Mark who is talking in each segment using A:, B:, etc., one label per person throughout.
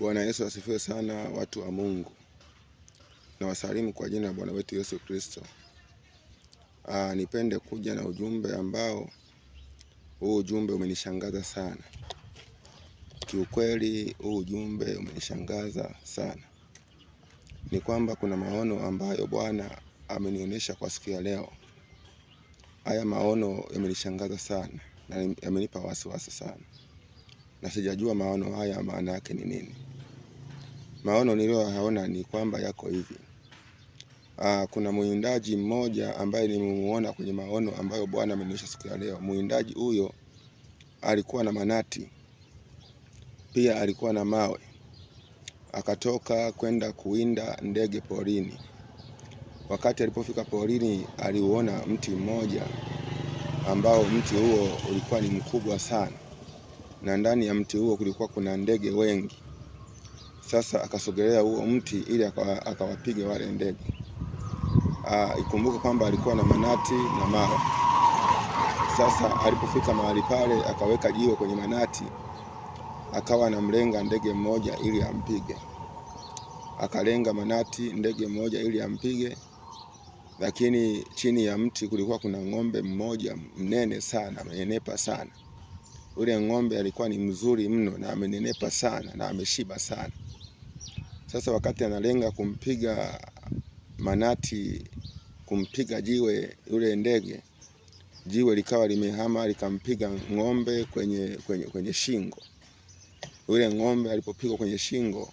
A: Bwana Yesu asifiwe sana, watu wa Mungu, na wasalimu kwa jina la Bwana wetu Yesu Kristo. Ah, nipende kuja na ujumbe ambao huu ujumbe umenishangaza sana kiukweli. Huu ujumbe umenishangaza sana, ni kwamba kuna maono ambayo Bwana amenionyesha kwa siku ya leo. Haya maono yamenishangaza sana na yamenipa wasiwasi sana, na sijajua maono haya maana yake ni nini maono niliyoyaona ni kwamba yako hivi. Aa, ah, kuna mwindaji mmoja ambaye nimemuona kwenye maono ambayo Bwana amenionyesha siku ya leo. Mwindaji huyo alikuwa na manati pia alikuwa na mawe, akatoka kwenda kuwinda ndege porini. Wakati alipofika porini, aliuona mti mmoja ambao mti huo ulikuwa ni mkubwa sana, na ndani ya mti huo kulikuwa kuna ndege wengi. Sasa akasogelea huo mti ili akawapiga wale ndege. Ah, ikumbuke kwamba alikuwa na manati na mara. Sasa alipofika mahali pale, akaweka jiwe kwenye manati, akawa anamlenga ndege mmoja ili ampige. Akalenga manati ndege mmoja ili ampige, lakini chini ya mti kulikuwa kuna ng'ombe mmoja mnene sana, amenenepa sana. ule ng'ombe alikuwa ni mzuri mno na amenenepa sana na ameshiba sana. Sasa wakati analenga kumpiga manati, kumpiga jiwe yule ndege, jiwe likawa limehama likampiga ng'ombe kwenye, kwenye, kwenye shingo. Yule ng'ombe alipopigwa kwenye shingo,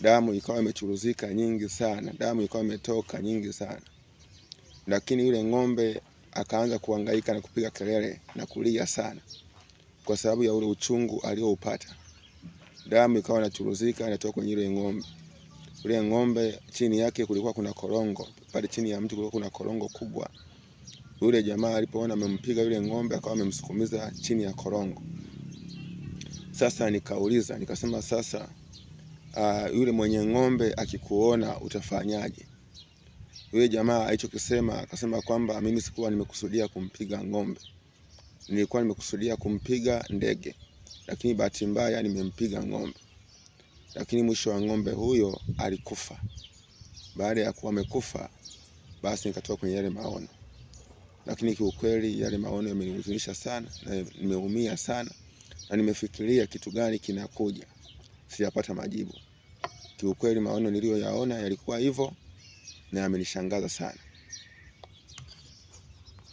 A: damu ikawa imechuruzika nyingi sana, damu ikawa imetoka nyingi sana, lakini yule ng'ombe akaanza kuangaika na kupiga kelele na kulia sana, kwa sababu ya ule uchungu alioupata damu ikawa inachuruzika inatoka kwenye ile ng'ombe. Ile ng'ombe chini yake kulikuwa kuna korongo, pale chini ya mti kulikuwa kuna korongo kubwa. Yule jamaa alipoona amempiga yule ng'ombe, akawa amemsukumiza chini ya korongo. Sasa nikauliza nikasema, sasa uh, yule mwenye ng'ombe akikuona utafanyaje? Yule jamaa alichokisema akasema kwamba mimi sikuwa nimekusudia kumpiga ng'ombe, nilikuwa nimekusudia kumpiga ndege lakini bahati mbaya nimempiga ng'ombe, lakini mwisho wa ng'ombe huyo alikufa. Baada ya kuwa amekufa, basi nikatoka kwenye yale maono, lakini kiukweli yale maono yamenihuzunisha sana na nimeumia sana, na nimefikiria kitu gani kinakuja, sijapata majibu. Kiukweli maono niliyoyaona yalikuwa hivyo na yamenishangaza sana.